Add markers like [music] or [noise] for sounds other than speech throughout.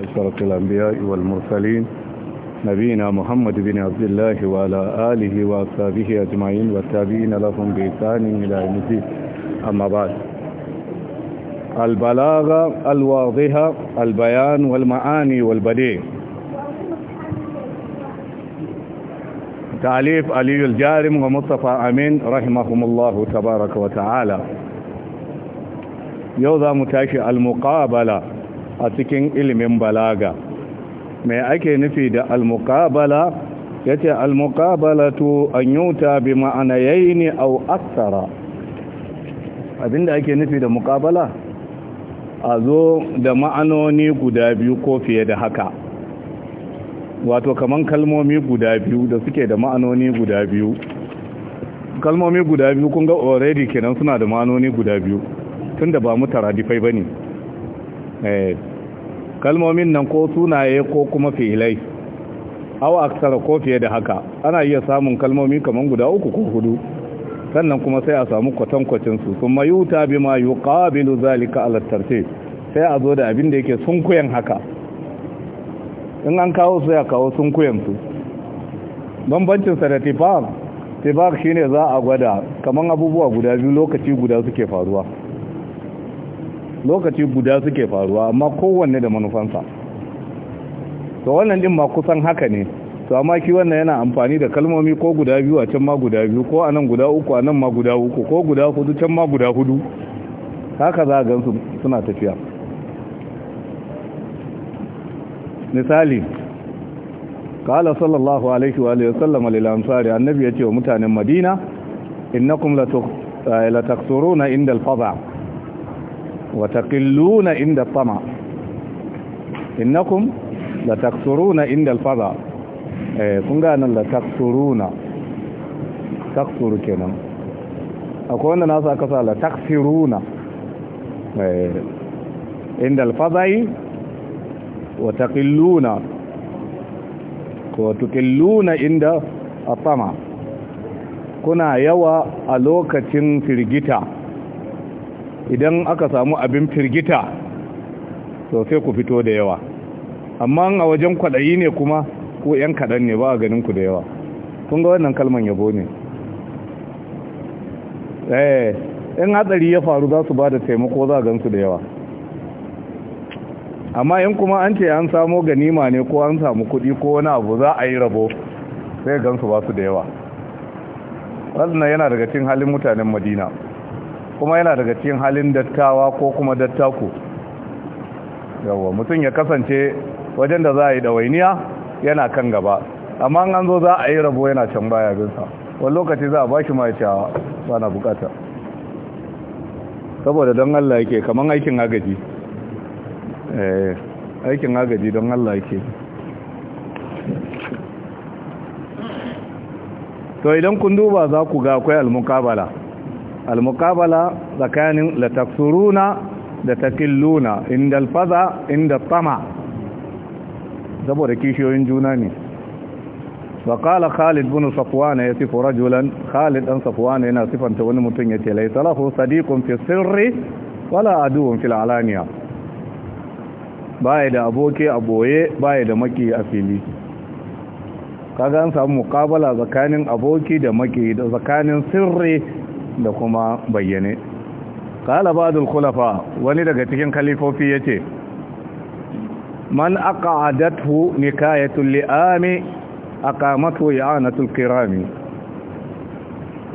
أشرف الأنبياء والمرسلين نبينا محمد بن عبد الله وعلى آله وأصحابه أجمعين والتابعين لهم بإحسان إلى يوم الدين أما بعد البلاغة الواضحة البيان والمعاني والبديع تعليف علي الجارم ومصطفى أمين رحمهم الله تبارك وتعالى يوضع متاشي المقابلة a cikin ilimin balaga mai ake nufi da almukabala ya ce almukabalatu an yuta bi ma'anayayi ne au aksara abinda ake nufi da mukabala a zo da ma'anoni guda biyu ko fiye da haka wato kaman kalmomi guda biyu da suke da ma'anoni guda biyu kalmomi guda biyu kun ga already kenan suna da ma'anoni guda biyu tunda ba mu ba bane Eh, kalmomin nan ko sunaye ko kuma fi'ilai aw aksara ko fiye da haka ana iya samun kalmomi kamar guda uku ko hudu sannan kuma sai a samu kwatankwacinsu, su sun mayuta bima yuqabilu zalika ala tartib sai a zo da abin da yake sunkuyen haka in an kawo su ya kawo sunkuyen su bambancin sa da tifaq tifaq shine za a gwada kaman abubuwa guda biyu lokaci guda suke faruwa lokaci guda suke faruwa amma kowanne da manufansa to wannan din ma kusan haka ne to amma ki wannan yana amfani da kalmomi ko guda biyu a can ma guda biyu ko anan guda uku a nan ma guda uku ko guda hudu can ma guda hudu haka za a gansu suna tafiya misali kala sallallahu alaihi wa alihi wasallam lil ansari annabi yace wa mutanen madina innakum la eh, taksuruna inda al-fadha وتقلون عند الطمع إنكم لتكثرون عند الفضاء kun ganin da taksuruna taksuru kenan akwai wanda nasu aka sa inda alfazai wa taqilluna wa tuqilluna inda atama kuna yawa a lokacin firgita idan aka samu abin firgita to sai ku fito da yawa amma a wajen kwaɗayi ne kuma ko 'yan kaɗan ne ba a ganin ku da yawa kun ga wannan kalman yabo ne eh in hatsari ya faru za su ba da taimako za gan su da yawa amma in kuma an ce an samo ganima ne ko an samu kuɗi ko wani abu za a yi rabo sai gan su ba su da yawa wannan yana daga cikin halin mutanen madina kuma yana daga cikin halin dattawa ko kuma dattaku yawa mutum ya kasance wajen da za a yi ɗawainiya yana kan gaba amma an zo za a yi rabo yana can baya binsa wani lokaci za a ba shi ma ba na bukata saboda don allah yake kamar aikin agaji eh, aikin agaji don allah yake to idan kun duba za ku ga akwai almukabala al-muqabala tsakanin lataksuruna da takilluna inda alfaza inda tama saboda kishiyoyin juna ne wa qala khalid bin safwan ya sifu rajulan khalid dan safwan yana sifanta wani mutum yace laysa Salahu, sadiqun fi sirri wala aduwwun fil alaniya baya da aboki a boye baya da maki a fili kaga an samu muqabala tsakanin aboki da maki da tsakanin sirri da kuma bayyane kala ba'dul khulafa wani daga cikin khalifofi yace man aqadathu nikayatu li'ami aqamatu ya'natu kirami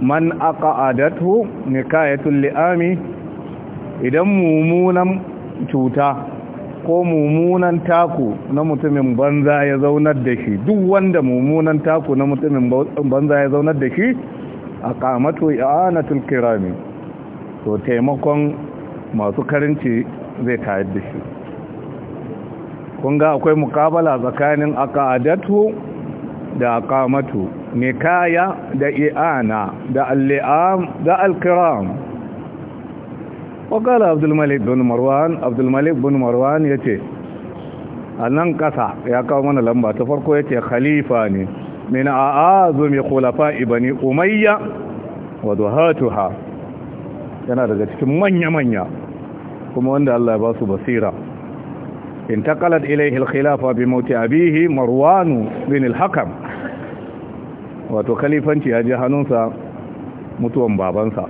man aqadathu nikayatu li'ami idan mumunan cuta ko mumunan taku na mutumin banza ya zaunar da shi duk wanda mumunan taku na mutumin banza ya zaunar da shi aqamatu i'anatul kirami to taimakon masu karinci zai tayar da shi kun ga akwai mukabala tsakanin aqadatu da aqamatu nikaya da i'ana da al-li'am da al-kiram وقال عبد الملك بن مروان عبد الملك بن مروان a nan ƙasa ya kawo mana lamba ta farko ce khalifa ne من أعظم خلفاء بني umayya wa كان yana daga cikin manya-manya kuma wanda Allah ya انتقلت إليه basira بموت أبيه مروان بن الحكم mauti abihi marwan bin al ya je hannunsa mutuwan babansa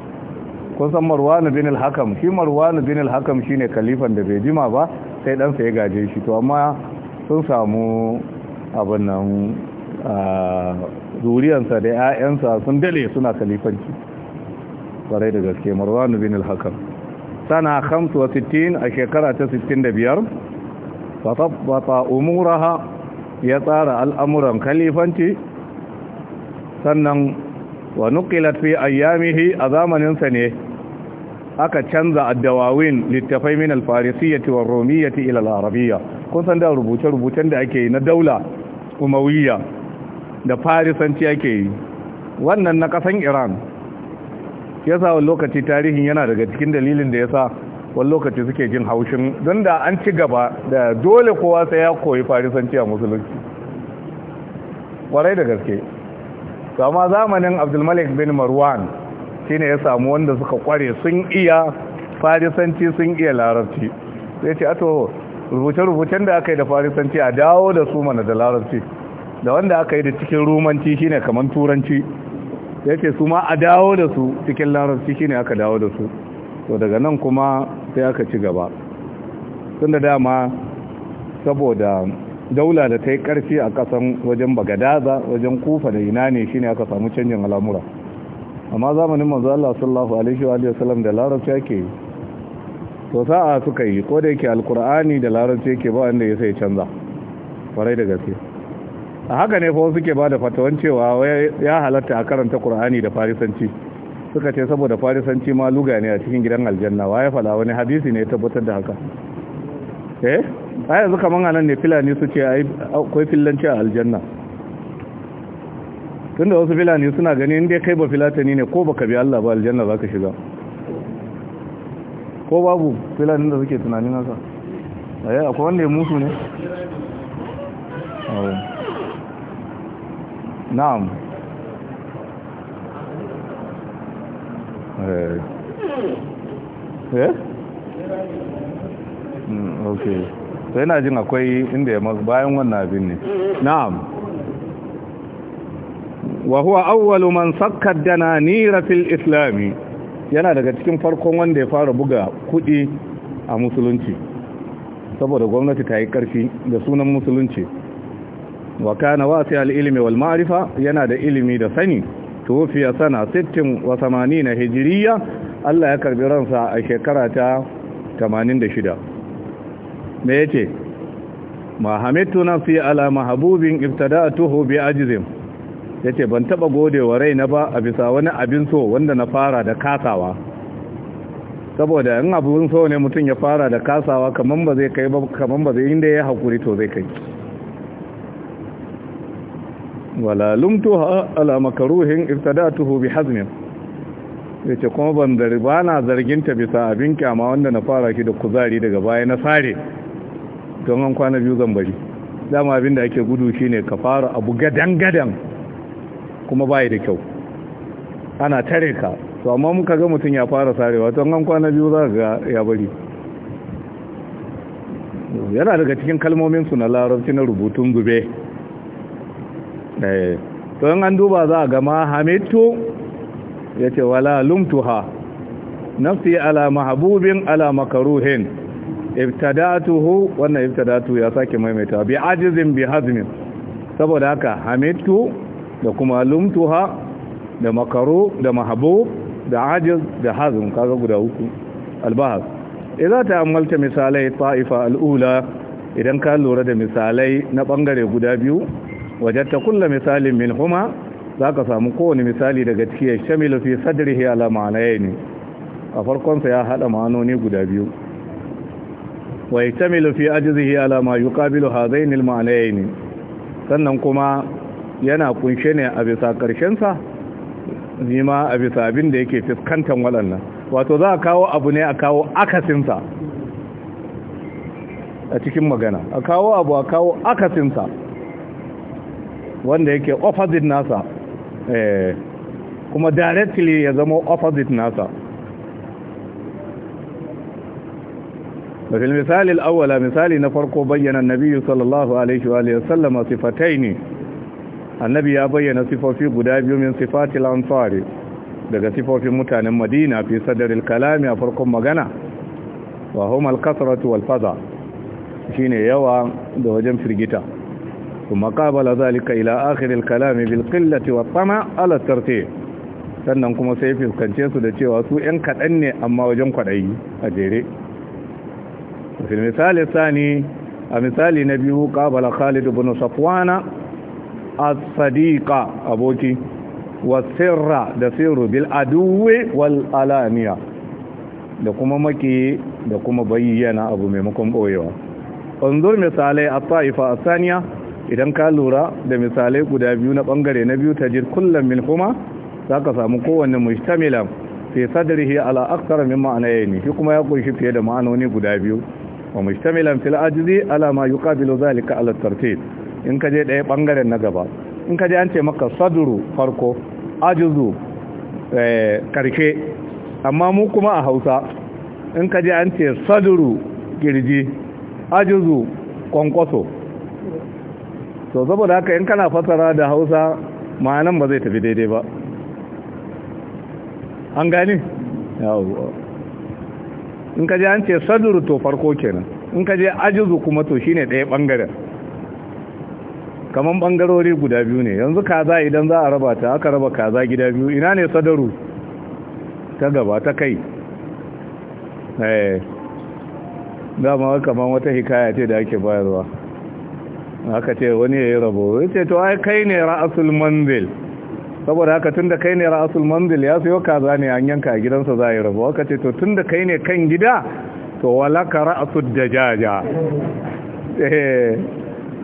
san marwan bin al-hakam shi marwan bin al-hakam shine kalifan da bai jima ba sai dan sa ya gaje shi to amma sun samu abin nan zuriyarsa da 'ya'yansa sun dale suna kalifanci kwarai da gaske marwan bin al-hakam sana 65 a shekara ta 65 fatabbata umuraha ya tsara al'amuran kalifanci sannan wa nukilat fi ayyamihi a zamaninsa ne aka canza addawawin littafai min alfarisiyyati wa romiyyati ila al-arabiyya kun san da rubuce-rubucen da ake yi na daula umawiyya da farisanci yake yi wannan na kasan iran ya sa wani lokaci tarihin yana daga cikin dalilin da ya sa wani lokaci suke jin haushin don da an ci gaba da dole kowa sai ya koyi farisanci a musulunci kwarai da gaske sama zamanin abdulmalik bin marwan shine ya samu wanda suka kware sun iya farisanci sun iya larabci Sai ce ato rubuce-rubucen da aka yi da farisanci a dawo da su mana da larabci da wanda aka yi da cikin rumanci shine kamar turanci yake su ma a dawo da su cikin larabci shine aka dawo da su to daga nan kuma sai aka ci gaba tunda dama saboda daula da ta yi karfi a kasan wajen bagadaza wajen kufa da ina ne shine aka samu canjin al'amura amma zamanin manzo Allah sallallahu alaihi wa sallam da larabci yake to sa'a suka yi ko da yake alkur'ani da larabci yake ba wanda ya sai canza farai da gaske a haka ne fa suke ba da fatawan cewa ya halatta a karanta Qur'ani da farisanci suka ce saboda farisanci ma luga ne a cikin gidan aljanna waye fala wani hadisi ne tabbatar da haka eh ai yanzu kaman anan ne filani su ce ai akwai fillanci a aljanna tunda wasu filani suna gani inda kai ba filatani ne ko baka bi Allah ba aljanna zaka shiga ko babu filanin da suke tunanin haka ai eh, akwai wanda ya musu ne na'am eh, eh? Mm, ok to yana jin akwai inda ya bayan wannan abin ne na'am wa huwa awwalu man sakka dananira fil islami yana daga cikin farkon wanda ya fara buga kudi a musulunci saboda gwamnati ta yi karfi da sunan musulunci wa kana wasi al-ilmi wal ma'rifa yana da ilimi da sani tufiya sana 60 wa 80 hijriya Allah ya karbi ransa a shekara ta 86 me yace ma hamittu ala mahbubin ibtada'tuhu bi ajzim yace ban taba godewa raina ba a bisa wani abin so wanda na fara da kasawa saboda in abubuwan so ne mutum ya fara da kasawa kaman ba zai kai ba kaman ba zai inda ya hakuri to zai kai wala lumtuha ala makruhin ibtada'tuhu bi hazmin yace kuma ban zari bana zarginta bisa abin kyama wanda na fara shi da kuzari daga baya na sare don an kwana biyu zan bari dama abin da ake gudu shine ka fara abu gadan gadan kuma bai da kyau ana tare ka to amma muka ga mutum ya fara sarewa don an kwana biyu za ga ya bari yana daga cikin kalmomin su na larabci na rubutun gube Eh, to in an duba za a gama hamitu ya ce wala lumtuha nafsi ala mahabubin ala makaruhin ibtadatuhu wannan ibtadatu ya sake maimaita bi ajizin bi hazmin saboda haka hamitu da kuma lumtuha da makaru da mahabub da ajiz da hazmin kaga guda uku albahas idza ta'ammalta misalai ta'ifa al'ula idan ka lura da misalai na bangare guda biyu wajatta kulla misalin min huma za ka samu kowane misali daga cikin shamilu fi sadrihi ala ne. a farkonsa ya haɗa ma'anoni guda biyu wa yatamilu fi ajzihi ala ma yuqabilu hadaini al ma'anayn sannan kuma yana kunshe ne a bisa karshen sa nima a bisa abin da yake fiskantan waɗannan wato za a kawo abu ne a kawo akasin sa a cikin magana a kawo abu a kawo akasin sa wanda yake opposite nasa eh, kuma directly ya zama opposite nasa mafil misali al'awwala misali na farko bayyana nabi sallallahu alaihi wa sallama sifataini. ne annabi ya bayyana sifofi guda biyu min sifatil ansari daga sifofin mutanen madina fi sadaril kalami a farkon magana wa huma al-kasratu wal-fadha shine yawa da wajen firgita ثم قابل ذلك إلى آخر الكلام بالقلة والطمع على الترتيب sannan kuma sai fuskance su da cewa su ‘yan kaɗan ne amma wajen kwaɗayi a jere. misali sani a misali na biyu ƙabala khalid ibn safwana a sadiqa aboki wa sirra da sirru bil aduwe wal alaniya da kuma maki da kuma bayyana abu maimakon ɓoyewa. unzur misalai a ta'ifa a saniya idan ka lura da misalai guda biyu na bangare na biyu tajir kullum min kuma za ka samu kowanne mujtamila fi sadrihi ala aktsara min ma'anayin shi kuma ya kunshi fiye da ma'anoni guda biyu wa mujtamilan fil ajzi ala ma yuqabilu zalika ala tartib in ka je daya bangaren na gaba in ka je an ce maka sadru farko ajuzu karke eh, amma mu kuma a Hausa in ka je an ce sadru girji ajuzu kwankwaso to saboda haka in kana fasara da hausa ma'anan ba zai tafi daidai ba an gani in ka je an ce saduru to farko kenan in ka je ajizu kuma to shine ɗaya ɓangaren kamar ɓangarori guda biyu ne yanzu kaza idan za a raba ta aka raba kaza gida biyu ina ne sadaru ta gaba ta kai eh. dama kamar wata hikaya ce da ake bayarwa aka ce wani ya yi rabo ya ce to ai kai ne ra'asul manzil saboda haka tun da kai ne ra'asul manzil ya sayo kaza ne an yanka a gidansa za a yi rabo aka ce to tun da kai ne kan gida to walaka ra'asul dajaja eh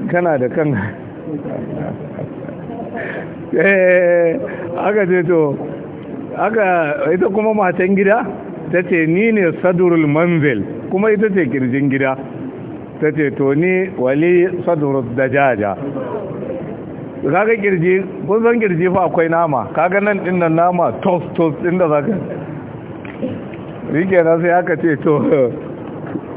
kana da kan eh aka ce to aka ita kuma matan gida ta ce ni ne sadurul manzil kuma ita ce kirjin gida ta ce to ni wali da dajaja kaga girji kun san girji fa akwai nama kaga nan din nan nama tof tof din da zaka rike na sai aka ce to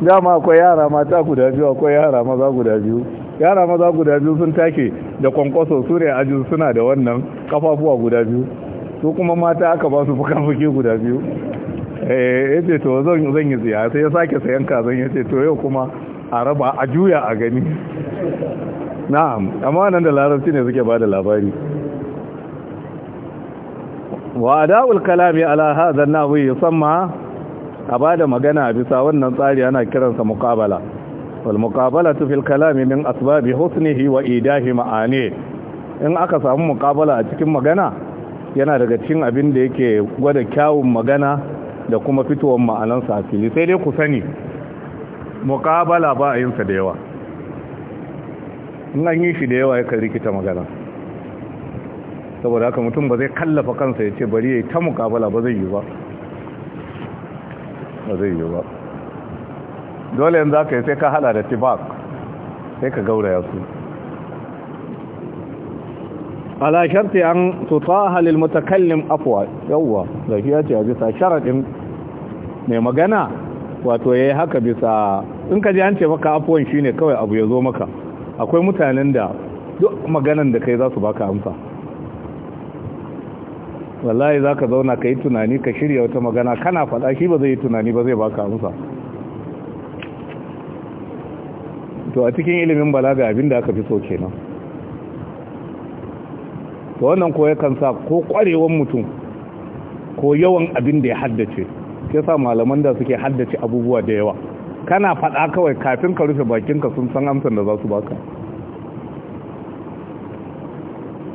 dama akwai yara mata guda biyu akwai yara maza guda biyu yara maza guda biyu sun take da kwankwaso su ne aji suna da wannan kafafuwa guda biyu su kuma mata aka ba su fuka-fuki guda biyu eh yace to zan yi ziyara sai ya sake sayan kazan yace to yau kuma a raba a juya a gani na'am amma nan da larabci ne suke bada labari wa da'ul kalami ala hadha an-nahwi yusamma a bada magana bisa wannan tsari ana kiransa muqabala wal muqabalatu fil kalami min asbabi husnihi wa idahi ma'ani in aka samu muqabala a cikin magana yana daga cikin abin da yake gwada kyawun magana da kuma fitowar ma'anansa a fili sai dai ku sani Mukabala ba a yinsa da yawa in an yi shi da yawa ya kan rikita magana saboda haka mutum ba zai kallafa kansa ya ce bari ya yi ta mukabala ba zai yi ba ba zai yi ba dole yanzu aka yi sai ka hada da tibak sai ka gauraya su ala sharti an tuta halil mutakallin afuwa, yawwa da shi ya ce a bisa sharaɗin mai magana wato ya yi haka bisa in ka ji an ce maka afuwan shi ne kawai abu ya zo maka akwai mutanen da duk maganan da kai za su baka amsa wallahi za ka zauna ka yi tunani ka shirya wata magana kana faɗa shi ba zai yi tunani ba zai baka amsa to a cikin ilimin balaga abin da aka fi so kenan to wannan ko yakan sa ko ƙwarewan mutum ko yawan abin da ya haddace ke sa malaman da suke haddace abubuwa da yawa kana faɗa kawai kafin ka rufe bakinka sun san amsan da za su baka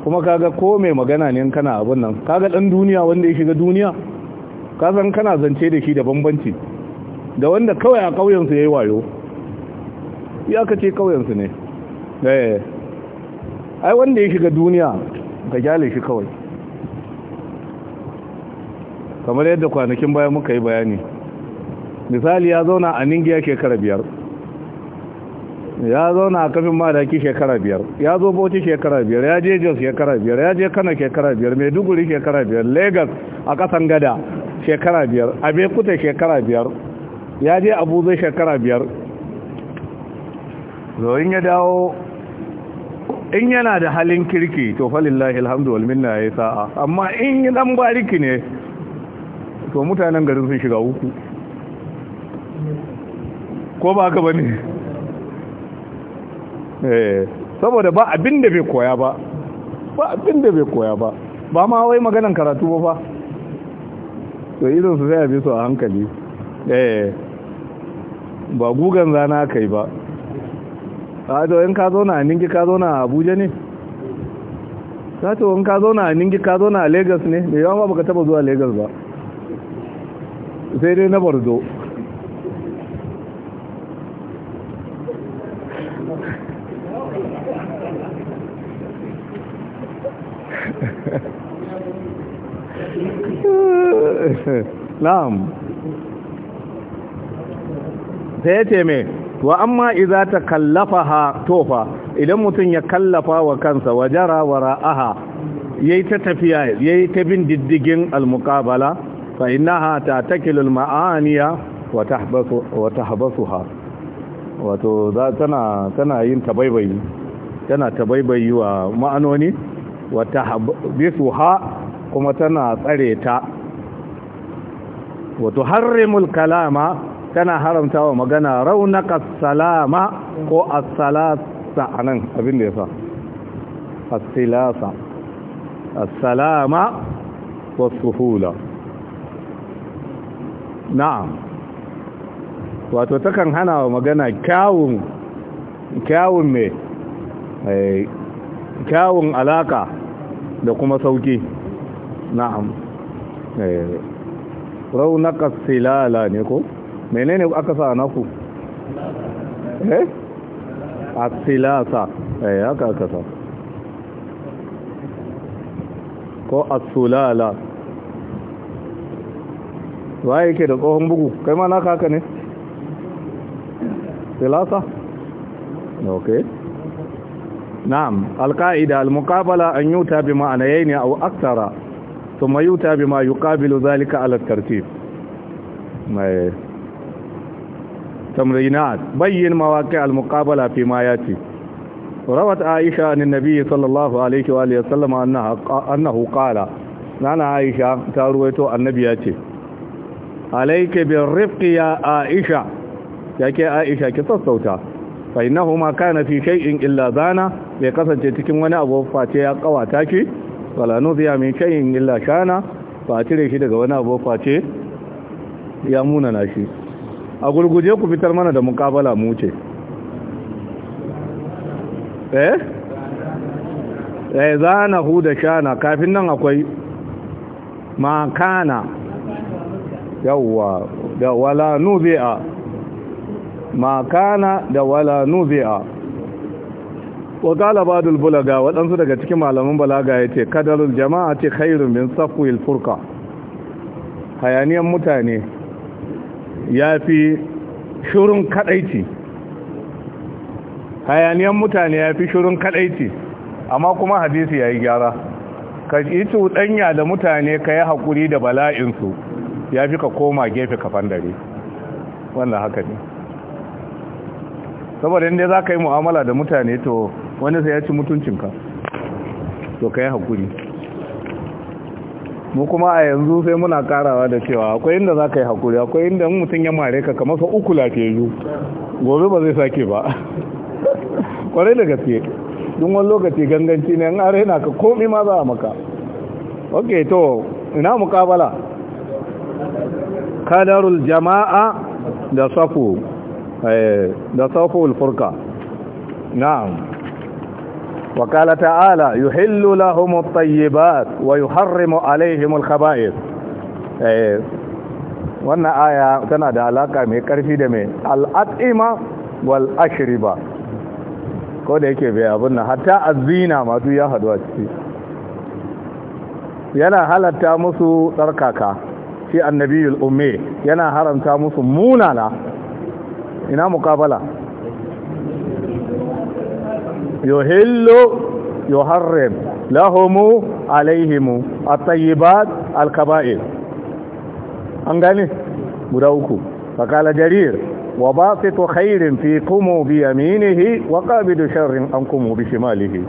kuma kaga ko mai magana ne kana abin nan kaga dan duniya wanda ya shiga duniya ka san kana zance da shi da bambanci da wanda kawai a ƙauyensu ya yi wayo ya ka ce ƙauyensu ne eh, ai wanda ya shiga duniya ka gyale shi kawai kamar yadda kwanakin baya muka yi bayani misali ya zauna a ningiya shekara biyar ya zauna a kafin madaki shekara biyar ya zo bauchi shekara biyar ya je jos shekara biyar ya je kano shekara biyar maiduguri shekara biyar lagos a kasan gada shekara biyar abekuta shekara biyar ya je abuja shekara biyar zoyin ya dawo in yana da halin kirki to falillahi alhamdu walminna ya yi sa'a amma in yi dan bariki ne to mutanen garin sun shiga uku ko ba haka ba ne eh, saboda ba abin da bai koya ba ba abin da bai koya ba ba ma wai maganan karatu ba ba to idan su sai a bi su a hankali eh ba gugan zana kai ba a ah, to in ka zauna a ningi ka zauna a abuja ne ta ah, to in ka zauna a ningi ka zauna a lagos ne da yawan ba baka taba zuwa lagos ba sai dai na bardo [laughs] na'am sai ya ce mai wa amma iza ta kallafa ha tofa idan mutum ya kallafa wa kansa jara wa ra'aha yayi ta tafiya yayi ta bin diddigin almukabala fa ta tatakilu al-ma'aniya wa tahbasu su ha wato za tana tana yin tabaibayi tana tabaibayi wa ma'anoni wa ha kuma tana tsare ta wato tuharrimul kalama tana haramta wa magana raunaka salama ko asalasa salasa nan abin da yasa as-silasa as-salama was na'am wato takan hana wa magana kyawun kyawun me eh, kyawun alaka da kuma sauki na'am eh, raunaka silala ne ko menene aka sa naku eh asilasa eh haka aka sa ko asulala waye yake da tsohon bugu kai ma naka haka ne filasa okay na'am alka'ida almuqabala an yuta bi ma'anayaini aw akthara thumma yuta bi ma yuqabilu dhalika ala tartib mai tamrinat bayyin mawaqi' almuqabala fi ma yati rawat aisha an عائشة عن النبي صلى الله عليه وآله وسلم أنها أنه قال نانا عائشة تارويتو النبي ياتي alayka birrifqi ya aisha yake aisha ki sassauta fa innahu ma kana fi shay'in illa zana bai kasance cikin wani abu face ya kawata ki wala nuziya min shay'in illa shana. fa tire shi daga wani abu face ya munana shi. a gurguje ku fitar mana da mukabala mu ce eh eh zana hu da shana kafin nan akwai ma kana yawwa da wala nubi'a ma kana da wala nubi'a wa qala ba'dul bulaga wadansu daga cikin malaman balaga yace kadarul jama'ati khairun min safwil furqa hayaniyan mutane yafi shurun kadaici hayaniyan mutane yafi shurun kadaici amma kuma hadisi yayi gyara ka yi cuɗanya da mutane ka yi hakuri da bala'insu ya fi ka koma gefe kafan dare wannan haka ne saboda inda za ka yi mu'amala da mutane to wani sai ya ci mutuncinka to ka yi haƙuri mu kuma a yanzu sai muna karawa da cewa akwai inda za ka yi haƙuri akwai inda mutum ya mare ka kamar sa uku lafiyayyu gobe ba zai sake ba [laughs] kwarai da gaske dun wani lokaci ganganci ne an are na ka komi ma za a maka ok to ina mukabala kadarul jama'a da safu da safu furqa na'am وقال تعالى يحل لهم الطيبات ويحرم عليهم الخبائث wannan aya tana da alaka mai karfi da mai al'ad'ima wal ashriba ko da yake bai abun nan hatta azina ma duk ya hadu a ciki yana halatta musu tsarkaka fi annabiyul ummi yana haramta musu munana ina muqabala yuhillu yuharrim lahumu alaihimu at-tayyibat al-kaba'ir an gane guda uku fakala jarir wa basitu khairin fi kumu bi yaminihi wa qabidu sharrin an kumu bi shimalihi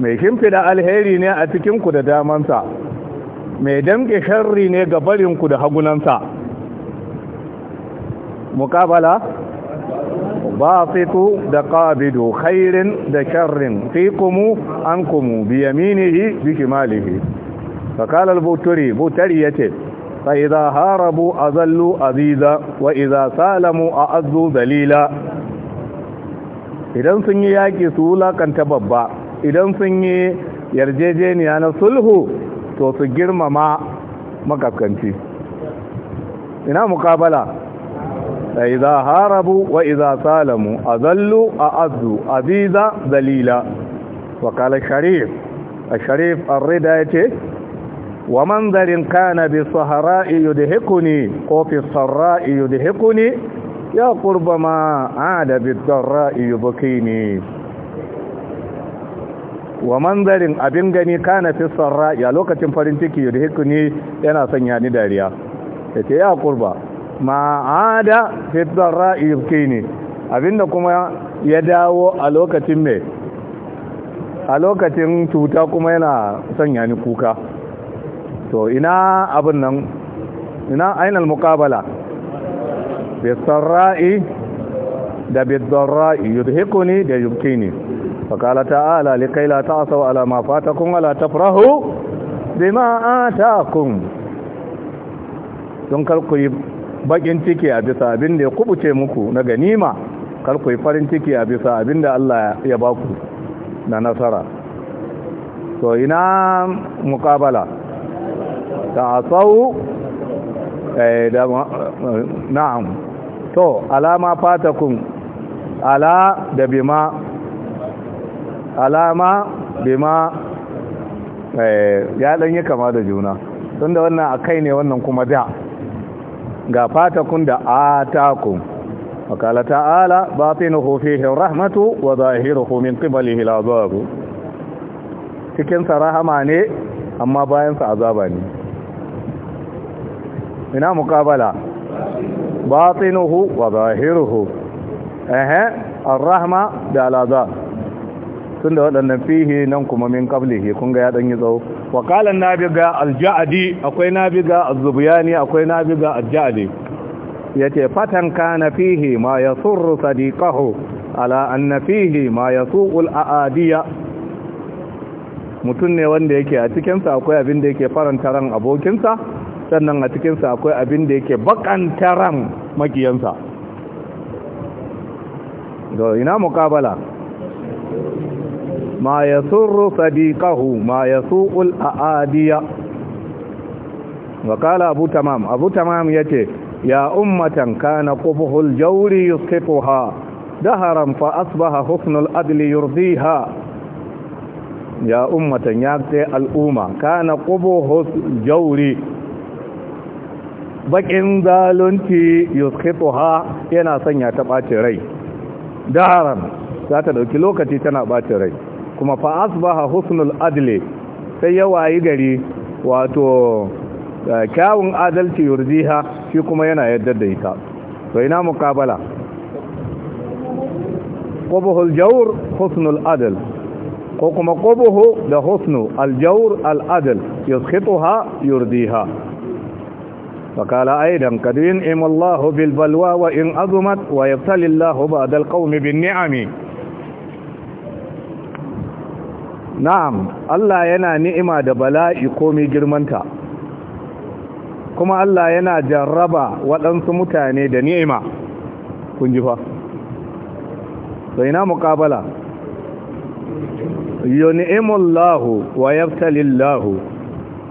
mai shimfida alheri ne a cikin ku da damansa mai damke sharri ne ga barinku da hagunansa mukabala basitu da qabidu khairin da sharrin fikumu kumu bi yaminihi bi shimalihi fakala al-buturi butari yace fa idza harabu azallu aziza wa idza salamu a'azzu dalila idan sun yi yaki su wulaƙanta babba idan sun yi yarjejeniya na sulhu to su girmama makafkanci ina mukabala da iza harabu wa iza salamu a zallu a azu aziza zalila wakala sharif a sharif arrida ya ce wa manzarin kana bi sahara'i yudhikuni ko fi sarra'i yudhikuni ya qurba ma ada bi darra'i yubkini wa manzarin abin gani kana fi sarra ya lokacin farin ciki yudhiku ni yana sanya ni dariya yace ya kurba ma'ada fi sarra yubkini abinda kuma ya dawo a lokacin me a lokacin cuta kuma yana sanya ni kuka to ina abin nan ina ainal muqabala bi sarra'i da bi darra'i yudhikuni da yubkini فقال تعالى لكي لا تعصوا على ما فاتكم ولا تفرحوا بما آتاكم don ku yi bakin ciki a bisa abin da ya kubuce muku na ganima ku yi farin ciki a bisa abin da Allah ya baku na nasara to ina muqabala ta asau eh, da na'am to alama fatakum ala da bima alama bima eh, ya dan yi kama da juna tunda wannan akai ne wannan kuma da ga fatakun da atakum وقال تعالى باطنه rahmatu wa zahiruhu min قبله العذاب cikin rahama ne amma bayansa azaba ne ina muqabala batinuhu wa zahiruhu eh ar-rahma da al-azab tun da waɗannan fihi nan kuma min qablihi kun ga ya ɗan yi tsawo wa qala nabiga al-ja'di akwai nabiga az-zubyani akwai nabiga al-ja'di yace fatan kana fihi ma yasurru sadiqahu ala anna fihi ma yasuqu al-aadiya mutum ne wanda yake a cikinsa akwai abin da yake faranta ran abokinsa sannan a cikinsa akwai abin da yake bakanta ran makiyansa Do ina mukabala ma ya surru sadiqahu ma ya suƙul a'adiya wakala abu tamam abu tamam ya ce ya ummatan kana ƙufuhul jauri yuskifuha daharan fa asbaha husnul adli yurdiha ya ummatan ya ce al'umma kana ƙufuhul jauri bakin zalunci yuskifuha yana sanya ta ɓace rai daharan za ta ɗauki lokaci tana ɓace rai kuma fa asbaha husnul adli sai ya wayi gari wato kyawun adalci yurdiha shi kuma yana yadda da ita to ina muqabala qubuhul jawr husnul adl ko kuma qubuhu da husnu al aladl yuskhituha yurdiha وقال أيضا قد wa in بالبلوى wa أظمت ويبتلي ba'dal qawmi bin ni'ami na'am Allah yana ni'ima da bala'i komai girmanta kuma Allah yana jarraba waɗansu mutane da ni'ima kun ji fa sai na muqabala ni'imullahu wa yabtalillahu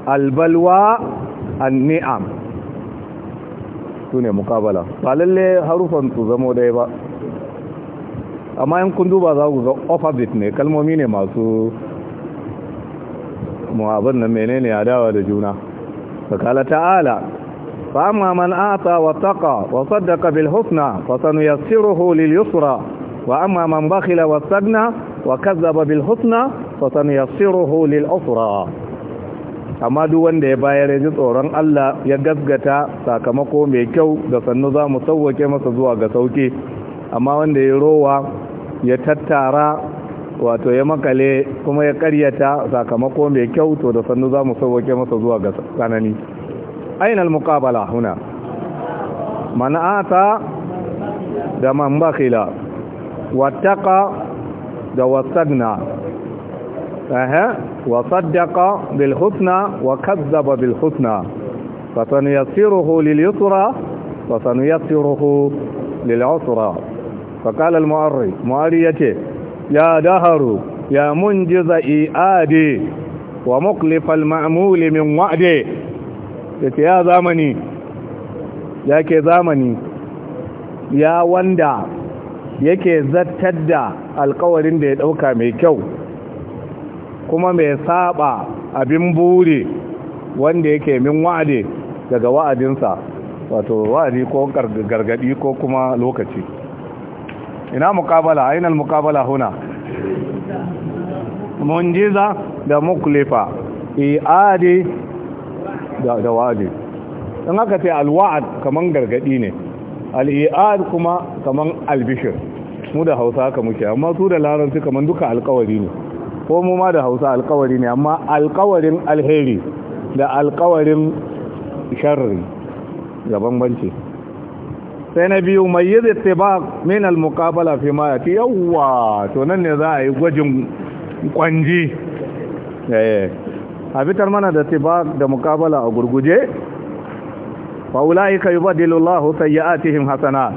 albalwa an-ni'am sune muƙabala. ba lalle harufan su zamo dai ba amma in duba za ku ga opposite ne kalmomi ne masu abin nan menene adawa da juna fakala ta'ala fa amma man ata wa taqa wa saddaqa bil husna fa sanuyassiruhu lil yusra wa amma man bakhila wa sagna wa kazzaba bil husna fa sanuyassiruhu lil usra amma duk wanda ya bayar ya ji tsoron Allah ya gasgata sakamako mai kyau da sannu za mu sauwake masa zuwa ga sauke amma wanda ya rowa ya tattara wato ya makale kuma ya karyata sakamako mai kyau to da sannu za mu sauwake masa zuwa ga tsanani ainihin mukabala huna mana'ata da mambakila bakila wattaka da wasagna ehe wasaddaka bilhusna wa kazzaba bilhusna fasanuyassiruhu lil fasanu ya lil usra فقال المؤري ya ce. za'i دهر wa منجز إيادي ومقلف المعمول من وعدي يا زمني يا كي زمني يا وندا yake zartar da alkawarin da ya ɗauka mai kyau kuma mai saba abin bure wanda yake min wa'ade daga wa'adinsa wato wa'adi ko gargadi ko kuma lokaci ina mukabala aina mukabala huna munjiza da muklifa i'adi da da wa'di dan haka sai al kaman gargadi ne al kuma kaman albishir. mu da Hausa haka muke amma su da Larabci kaman duka alkawari ne ko mu ma da Hausa alkawari ne amma alƙawarin alheri da alkawarin sharri ga bambanci sai na biyu mai yi zai ba min al fi ma yati yawwa to nan ne za a yi gwajin kwanji eh, a fitar mana da ba da mukabala a gurguje fa ulaika yubaddilu a cikin hasana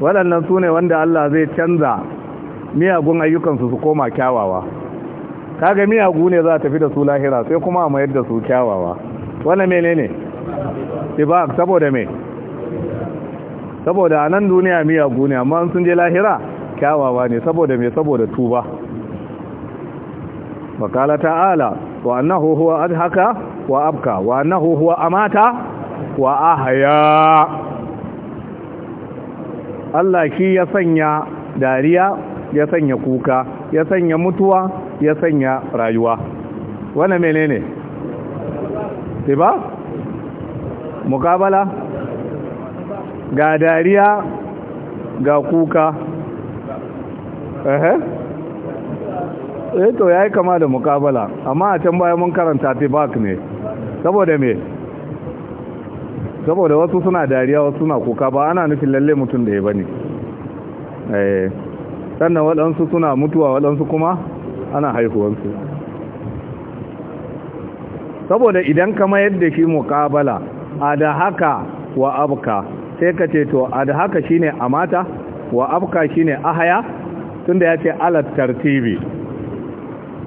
waɗannan su ne wanda Allah zai canza miyagun ayyukansu su koma kyawawa kaga miyagu ne za a tafi da su lahira sai kuma a mayar da su kyawawa wannan ne tibak saboda me saboda a nan duniya miyagu ne amma sun je lahira kyawawa ne saboda mai saboda tuba wakala ta'ala wa annahu huwa adhaka wa abka wa annahu huwa amata wa ahya Allah shi ya sanya dariya ya sanya kuka ya sanya mutuwa ya sanya rayuwa wannan menene ba mukabala ga dariya ga kuka ehe eh to yayi kama da mukabala amma a can baya mun karanta tibak ne saboda me saboda wasu suna dariya wasu suna kuka ba ana nufin lalle mutum da ya bane eh sannan waɗansu suna mutuwa waɗansu kuma ana haihuwansu saboda idan kama yadda shi mukabala a da haka wa abka sai ka ce to a da adhaka shine amata wa abka shine ahaya tunda yace alat tartibi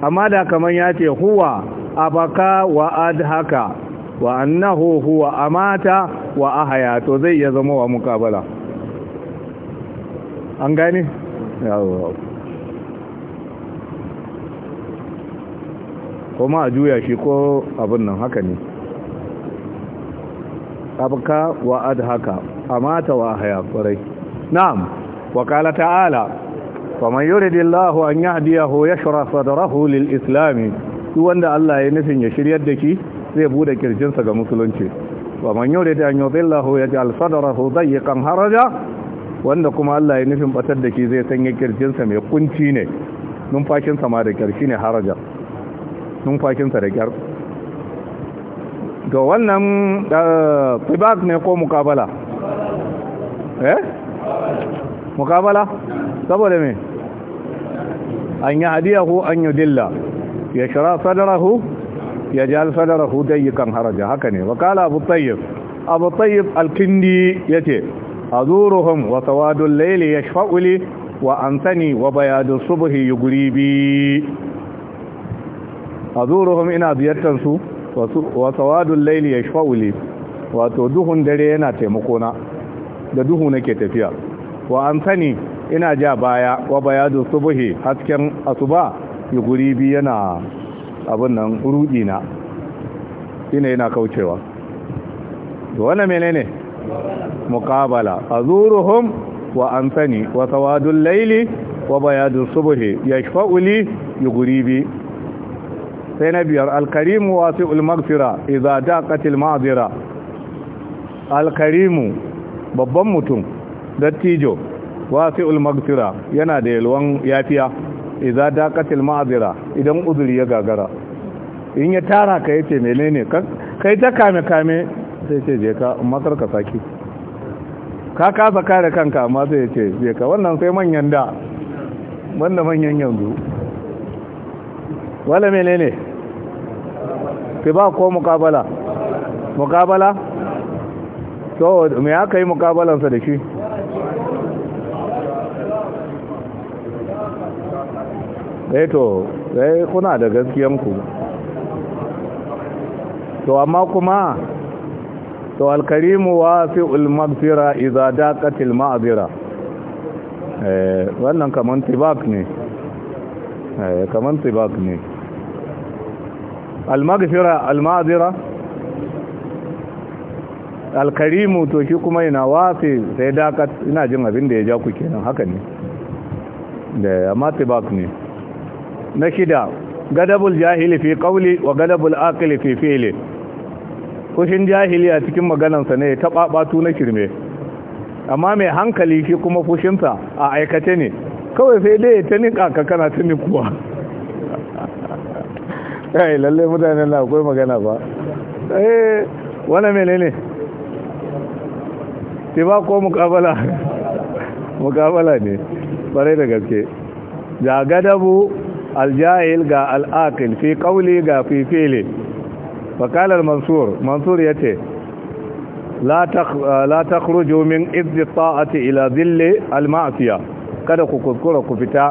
amma da kaman yace huwa abaka wa adhaka wa annahu huwa amata wa ahaya to zai ya zama wa mukabala an gane kuma a juya shi ko abin nan haka ne abka wa adhaka amata wa haya kwarai na'am wa qala ta'ala faman yuridillahu an yahdiyahu yashra sadrahu lil islam duk wanda Allah ya nufin ya shiryar da ki zai bude sa ga musulunci faman yurid an yudillahu yaj'al sadrahu dayyqan haraja wanda kuma Allah ya nufin batar da ki zai sanya sa mai kunci ne numfashinsa ma da kyar ne haraja numfashinsa da kyar ga wannan eh, tibak ne ko mukabala eh mukabala saboda me an ya hadiyahu an dilla. ya shara sadarahu ya jal sadarahu dayyikan haraja haka ne wakala abu tayyib abu tayyib alkindi yace azuruhum wa sawadul layli yashfa'u li wa an sani wa subuhi guri subhi A zuruhun ina ziyartar su wadun Laili ya yashfa'u li wato duhun dare yana taimakona. da duhu nake tafiya wa an sani ina ja baya wa bayadu subhi hasken asuba ya guri bi yana abin nan rudi na shine yana kaucewa to wannan menene muqabala azuruhum wa an sani wa sawadul layli wa bayadu subhi yashfa'u li bi sai na biyar alkarimu wasu maghfira idza daqatil alkarimu babban mutum dattijo wasi'ul maghfira yana da yalwan yafiya idza daqatil ma'zira idan uzuri ya gagara in ya tara ka yace menene kai ta kame kame sai ce je ka masar ka saki ka kasa kare kanka amma sai ce je ka wannan sai manyan da wanda manyan yanzu wala menene ke ba ko mukabala mukabala to me aka yi mukabalansa da shi eh to eh kuna da gaskiyanku to amma kuma to alkarimu wasi'ul maghfira idza daqatil ma'zira eh wannan kaman tibak ne eh kaman tibak ne al maghfira al ma'zira alkarimu to shi kuma yana wafe sai dakat ina jin abin da ya ja ku kenan haka ne da matibak ne na shida gadabul jahili fi qawli wa gadabul aqli fi fi'li kushin jahili a cikin maganarsa ne ta babatu na kirme amma mai hankali shi kuma fushinsa a aikace ne kawai sai dai ta nika ka kana ta nikuwa [laughs] kai lalle mutane na akwai magana ba eh wannan menene ba ko mukabala mukabala ne bare da gaske ga gadabu aljahil ga al'aqil fi qawli ga fi fili faqala al-mansur mansur yace la takh la takhruju min ta'ati ila dhilli al-ma'siyah kada ku kuskura ku fita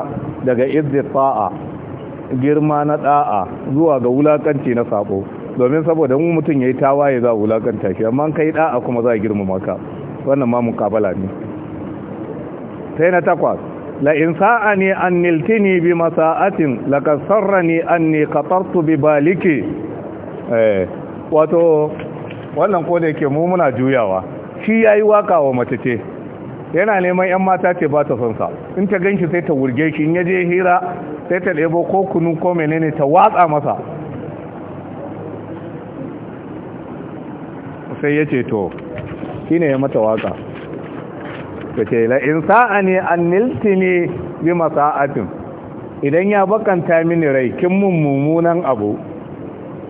daga izzi ta'a girma na da'a zuwa ga wulakanci na sako domin saboda mu mutum yayi tawaye za wulakanta shi amma kai da'a kuma za girmama ka wannan ma mukabala ne sai na takwas la in sa'ani an niltini bi masa'atin laqad sarrani anni qatartu bi baliki eh, wato wannan ko da yake mu muna juyawa shi yayi waka wa mace ce yana neman yan mata ce ba ta son sa in ta ganki sai ta wurge shi in yaje hira sai ta ɗebo ko kunu ko menene ta watsa masa sai ya ce to shine ya mata waka kace la in sa'ani an niltini bi masa'atin idan ya bakanta mini rai kin mun mummunan abu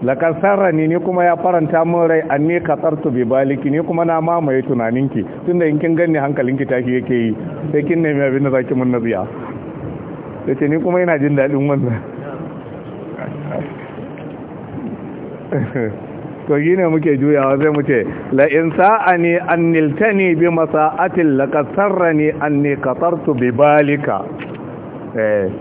lakar sarrani ni kuma ya faranta min rai an ne tsartu bi baliki ne kuma na mamaye tunaninki tunda in kin ganni hankalinki tashi yake yi sai kin nemi abin da zaki mun naziya yace ni kuma ina jin dadin wannan to yi ne muke juyawa zai mu ce la'in sa'ani an niltani bi masa'atin laƙasarrani an ne katartu bi balika eh.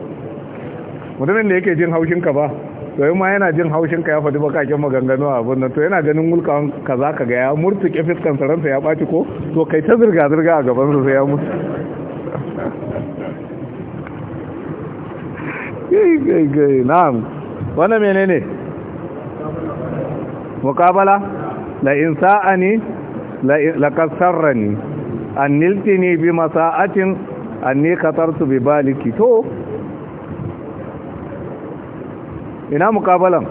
mutumin da yake jin haushinka ba to yi ma yana jin haushinka ya faɗi bakakin maganganu a abin to yana ganin mulkan ka za ka ga ya murtuke fiskan saransa ya ɓaci ko to kai ta zirga-zirga a gabansa sai ya mutu [laughs] na'am wannan menene muqabala la in sa'ani la kasarrani an niltini bi masa'atin anni qatartu bi baliki ina mukabalan?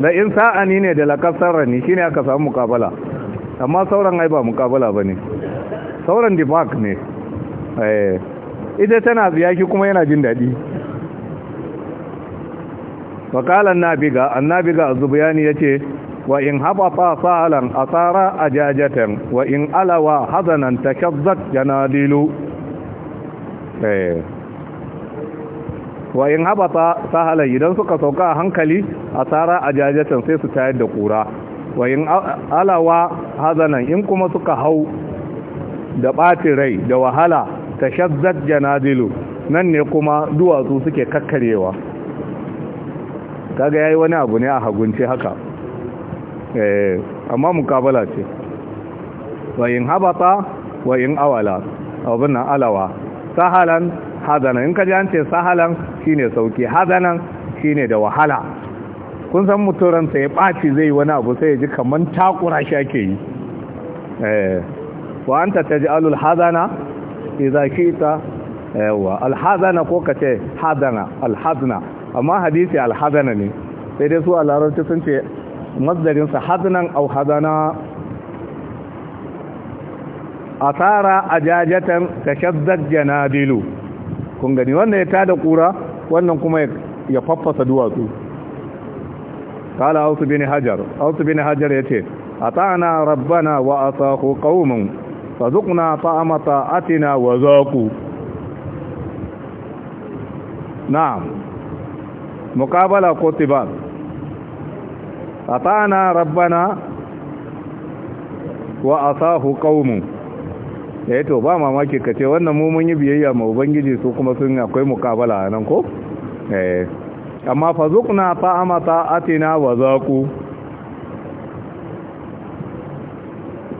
Da in sa'ani ne da la kasarrani shine aka samu mukabala. amma sauran ai ba muqabala bane sauran debug ne eh ita tana biya kuma yana jin dadi wa qala an-nabiga an-nabiga az-zubyani yace wa in habata salan asara ajajatan wa in alawa hazanan takazzat janadilu wa in habata sahalan idan suka sauka a hankali asara ajajatan sai su tayar da kura wa in alawa hazanan in kuma suka hau da ɓatin rai da wahala tashazzat janadilu nan ne kuma duwatsu suke kakkarewa kaga yayi wani abu ne a hagunce haka eh amma mukabala ce wa in habata wa in awala abin nan alawa sahalan hadana in ka ji an ce sahalan shine sauki hadanan shine da wahala kun san muturansa ya ɓaci zai wani abu sai ya ji kaman takura shi ake yi eh wa anta taj'alul hadana idza ita, yawa alhazana ko kace hadana alhazna amma hadisi alhazana ne sai dai su a larabci sun ce mazdarinsa hazanan au hazana asara ajajatan tashaddad janadilu kun gani wannan ya tada kura wannan kuma ya faffasa duwatsu kala hajar hajar قال أوس a حجر أوس بن حجر يتي أطعنا ربنا وأطاقوا قوم فذقنا atina wa zaku na. muqabala ko tibal ata'ana rabbana wa asahu qaumu eh to ba mamaki kace wannan mu mun yi biyayya ma ubangiji su kuma sun akwai muqabala nan ko eh amma fazuqna ta'ama ta'atina wa zaqu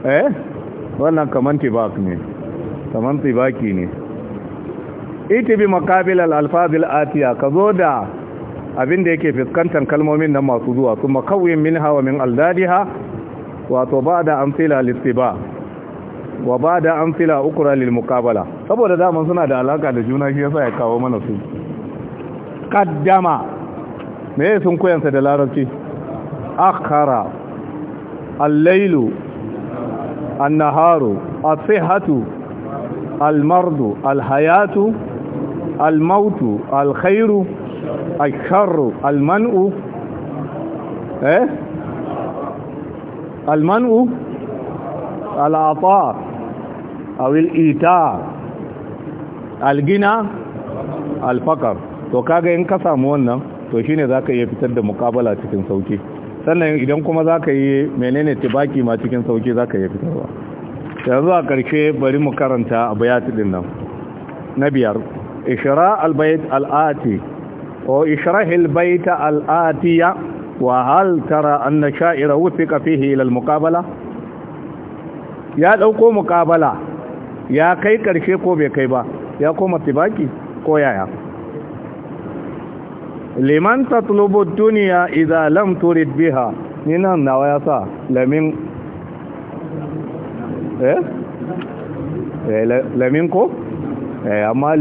eh wannan kaman tibak ne kaman tibaki ne Ita bi al-alfaz al-atiya kazo da Abin da yake fuskantar kalmomin nan masu zuwa kuma kawin min hawa min aldadiha wato ba da amsila listiba wa ba da amsila ukura lil saboda daman suna da alaka da juna shi yasa ya kawo mana su kaddama me sun koyansa da larabci Akara. allailu Annaharu. asihatu almardu Alhayatu. Almautu. Alkhairu. الشر al ايه المنع العطاء او الايتاء الغنى الفقر to kaga in ka samu wannan to shine ka iya fitar da mukabala cikin sauki sannan idan kuma ka yi menene tibaki ma cikin sauki ka iya fitarwa yanzu a ƙarshe bari mu karanta a din nan na biyar ishra albayt alati وإشرح البيت الآتية وهل ترى أن شائر وفق فيه إلى المقابلة يا دوكو مقابلة يا كي كرشي كو بي كي با يا كو متباكي كو يا يا لمن تطلب الدنيا إذا لم ترد بها نينا نوايا لمن eh lamin ko eh amma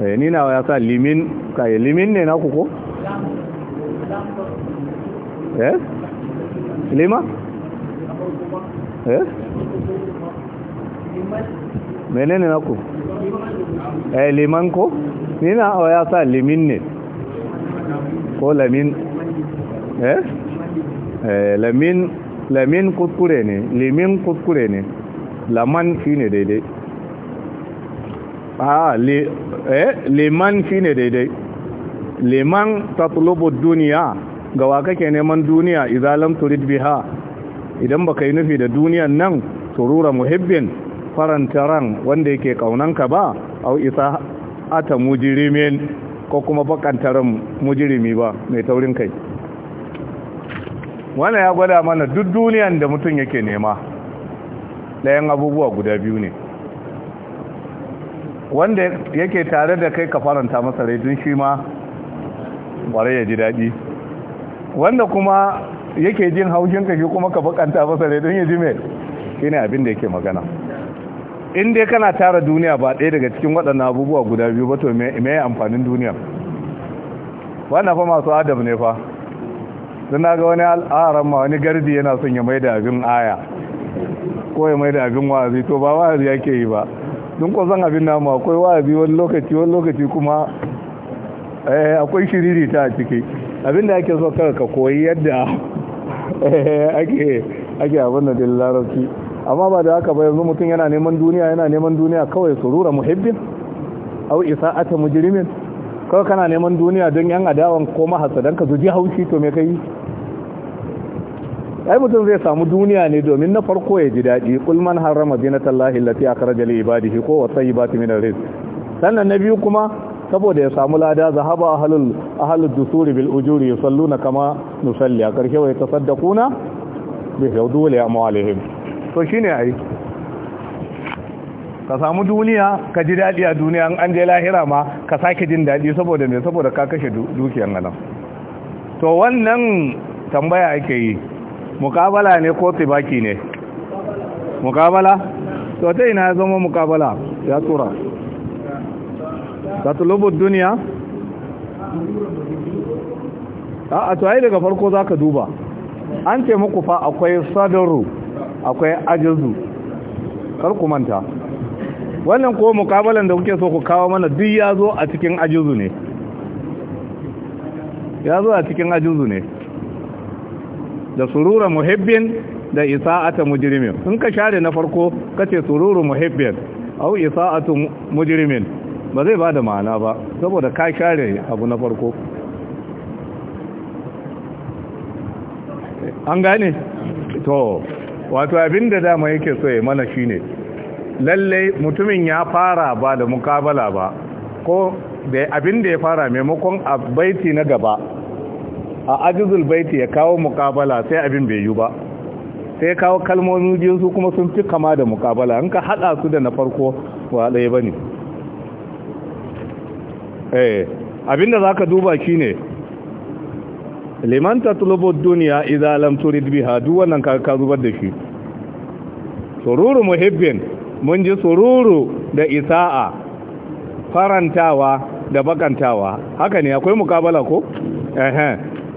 Eh, ni na ya sa limin yi limin ne na ko eh lima eh na naku eh liman ko ni na ya sa limin ne ko lamin eh eh lamin lamin kuskure ne limin kuskure ne laman shine daidai a ah, leman eh, shine ne daidai man tatlubu duniya ga wa kake neman duniya lam turid biha idan baka yi nufi da duniyan nan turura muhibbin faranta ran wanda yake kaunanka ba au isa ata mujirimin ko kuma bakantaran mujirimi ba mai taurin kai wannan ya gwada mana duk duniyan da mutum yake nema ɗayan abubuwa guda biyu ne wanda yake tare da kai ka faranta masa rai don shi ma ware ya ji daɗi wanda kuma yake jin haushin ka shi kuma ka bakanta masa rai don ya ji mai shi ne abin da yake magana in dai kana tara duniya ba ɗaya daga cikin waɗannan abubuwa guda biyu ba to me ya amfanin duniya wanda fa masu adam ne fa don na ga wani al'aran ma wani gardi yana son ya mai da abin aya ko ya mai da abin wa'azi to ba wa'azi yake yi ba don zan abin namu akwai waabi wani lokaci wani lokaci kuma eh, akwai shiriri ta a ciki abin da ake so kaka ka koyi yadda eh, ake ake abin da din larabci amma ba da haka ba yanzu mutum yana neman duniya yana neman duniya kawai surura muhibbin au isa ata mujirimin, kawai kana neman duniya don yan adawan ko don ka zuji haushi to me kai ai mutum zai samu duniya ne domin na farko ya ji daɗi kul man harrama zinatallahi allati akhraja li ibadihi ko wasayyibati min ar-rizq sannan na biyu kuma saboda ya samu lada zahaba ahlul ahlud dusuri bil ujuri yusalluna kama nusalli a karshe wai tasaddaquna bi huduli amwalihim to shine ai ka samu duniya ka ji daɗi a duniya an je lahira ma ka sake jin daɗi saboda me saboda ka kashe dukiyar nan to wannan tambaya ake yi mukabala ne ko tibaki ne mukabala to ta ina ya zama mukabala ya tura ta tulubu duniya a to ai daga farko zaka duba an ce muku fa akwai sadaru akwai ajizu kar ku manta wannan ko mukabalan da kuke so ku kawo mana duk ya zo a cikin ajizu ne ya zo a cikin ajizu ne da surura muhibbin da isa'ata mujrimin in ka share na farko kace sururu muhibbin au isa'atu mujrimin ba zai bada ma'ana ba saboda ka share abu na farko an gane to wato abinda dama yake so ya mana shine lalle mutumin ya fara ba da mukabala ba ko da abinda ya fara maimakon a baiti na gaba a ajizul baiti ya kawo mukabala sai abin bai yi ba sai kawo kalmomi biyu kuma sun fi kama da mukabala in ka hada su da na farko ba ɗaya ba ne eh, abinda za ka duba shi ne liman ta tulubo duniya idan lam turid biha duk wannan ka ka zubar da shi sururu muhibbin mun ji sururu da isa'a farantawa da bakantawa haka ne akwai mukabala ko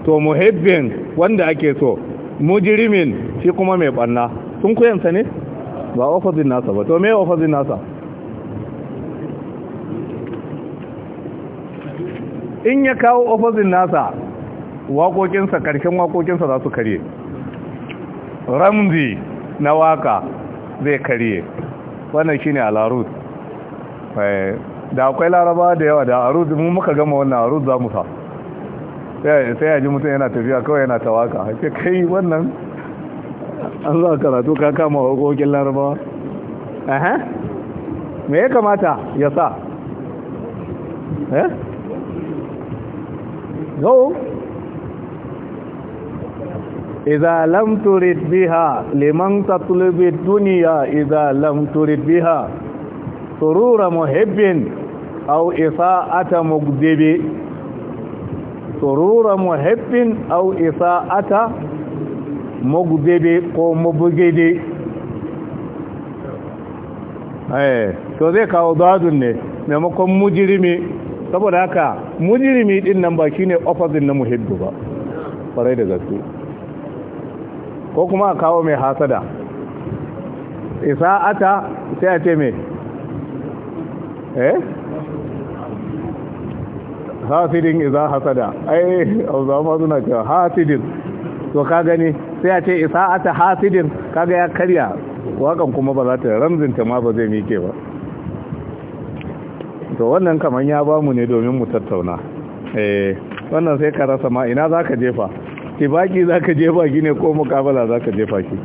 to muhibbin wanda ake so mujrimin shi kuma mai banna sun kuyansa ne ba ofazin nasa ba to mai ofazin nasa in ya kawo ofazin nasa waƙoƙinsa karshen waƙoƙinsa za su karye ramzi na waka zai karye wannan shine alarut eh, da akwai laraba da yawa da arut mun muka gama wannan arut za mu sa sai ya ji mutum yana tafiya kawai yana tawaka haka kai wannan an za karatu ka kama hukokin larabawa aha me ya kamata ya sa eh yau iza lam turid biha liman tatlubi dunya Iza lam turid biha surura muhibbin aw isa'ata mugdibi surura muhibbin au isa'ata mugdebe ko mubgede eh to zai kawo dadun ne maimakon mujirimi saboda haka mujirimi din nan ba shine opposite na muhibbu ba farai da gaske ko kuma a kawo mai hasada isa'ata sai a ce mai eh hasidin iza hasada ai ma suna cewa hasidin to ka gani sai a ce isa'ata hasidin kaga ya karya wakan kuma ba za ta ramzinta ma ba zai mike ba to wannan kaman ya bamu ne domin mu tattauna eh wannan sai ka rasa ma ina zaka jefa tibaki zaka jefa ki ne ko mukabala zaka jefa ki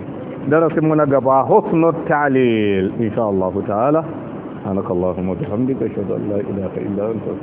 darasin mu na gaba husnul ta'lil insha Allah ta'ala Allahumma bihamdika shada an la ilaha illa anta